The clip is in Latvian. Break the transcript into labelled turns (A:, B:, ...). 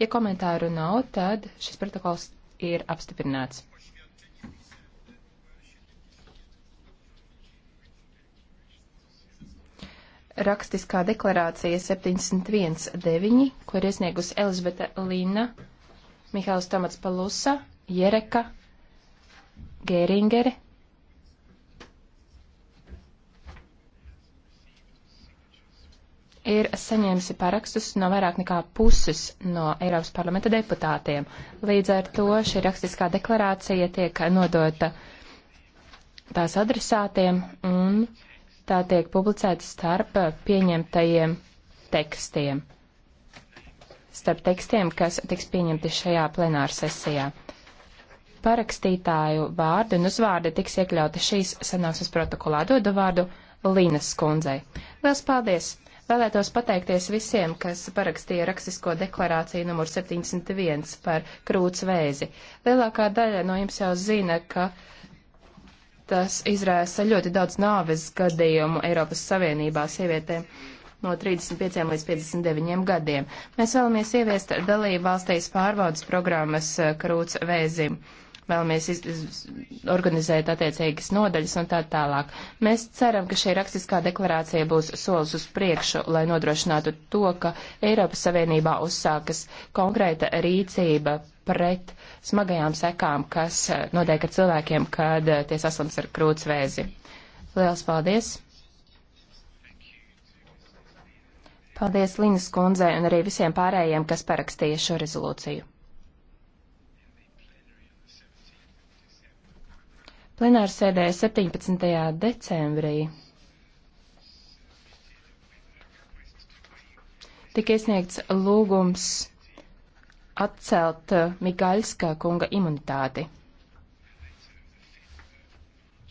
A: Ja komentāru nav, tad šis protokols ir apstiprināts. Rakstiskā deklarācija 71.9, ko ir iesniegusi Elizabete Līna, Mihāls Tomats Palusa, Jereka, Gēringere, ir saņēmusi parakstus no vairāk nekā puses no Eiropas parlamenta deputātiem. Līdz ar to šī rakstiskā deklarācija tiek nodota tās adresātiem un tā tiek publicēta starp pieņemtajiem tekstiem. Starp tekstiem, kas tiks pieņemti šajā plenāra sesijā. Parakstītāju vārdi un uzvārdi tiks iekļauti šīs sanāksmes protokolā. Dodu vārdu Līnas kundzei. Liels paldies! Vēlētos pateikties visiem, kas parakstīja rakstisko deklarāciju numur 71 par krūts vēzi. Lielākā daļa no jums jau zina, ka tas izrāsa ļoti daudz nāves gadījumu Eiropas Savienībā sievietēm no 35 līdz 59 gadiem. Mēs vēlamies ieviest dalību valstīs pārbaudas programmas eh, krūts vēzim vēlamies iz, iz, organizēt attiecīgas nodaļas un tā tālāk. Mēs ceram, ka šī rakstiskā deklarācija būs solis uz priekšu, lai nodrošinātu to, ka Eiropas Savienībā uzsākas konkrēta rīcība pret smagajām sekām, kas eh, notiek ar cilvēkiem, kad eh, tie saslims ar krūtsvēzi. Lielas paldies! Paldies Linas kundzei un arī visiem pārējiem, kas parakstīja šo rezolūciju. plenārsēdē 17. decembrī tika iesniegts lūgums atcelt Migaļska kunga imunitāti.